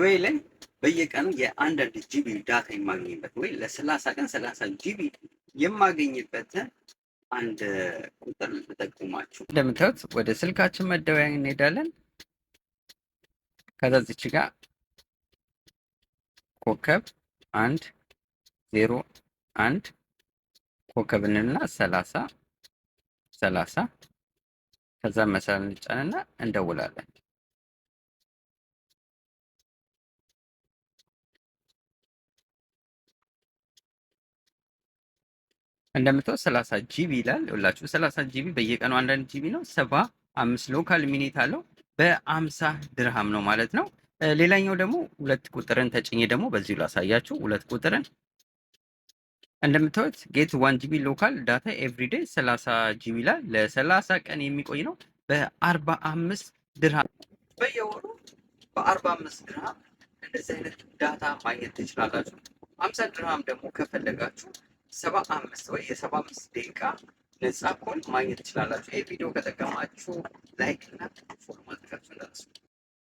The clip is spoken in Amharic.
ዩኤ ላይ በየቀኑ የአንዳንድ ጂቢ ዳታ የማገኝበት ወይ ለሰላሳ ቀን ሰላሳ ጂቢ የማገኝበትን አንድ ቁጥር ልጠቁማችሁ። እንደምታዩት ወደ ስልካችን መደወያ እንሄዳለን። ከዛ ዚች ጋር ኮከብ አንድ ዜሮ አንድ ኮከብ እንልና ሰላሳ ሰላሳ ከዛ መሰረት እንጫንና እንደውላለን። እንደምታዩት 30 ጂቢ ይላል። ሁላችሁ 30 ጂቢ በየቀኑ አንዳንድ ጂቢ ነው። 75 ሎካል ሚኒት አለው በ50 ድርሃም ነው ማለት ነው። ሌላኛው ደግሞ ሁለት ቁጥርን ተጭኝ ደግሞ በዚሁ ላሳያችሁ። ሁለት ቁጥርን እንደምታዩት ጌት 1 ጂቢ ሎካል ዳታ ኤቭሪዴ 30 ጂቢ ይላል። ለ30 ቀን የሚቆይ ነው በ45 ድርሃም በየወሩ በ45 ድርሃም እንደዚህ አይነት ዳታ ማግኘት ትችላላችሁ። 50 ድርሃም ደግሞ ከፈለጋችሁ ሰባ አምስት ወይ የሰባ አምስት ደቂቃ ነጻ ኮል ማግኘት ትችላላችሁ። ይህ ቪዲዮ ከጠቀማችሁ ላይክ እና ፎሎ ማድረጋችሁ እንዳትረሱ።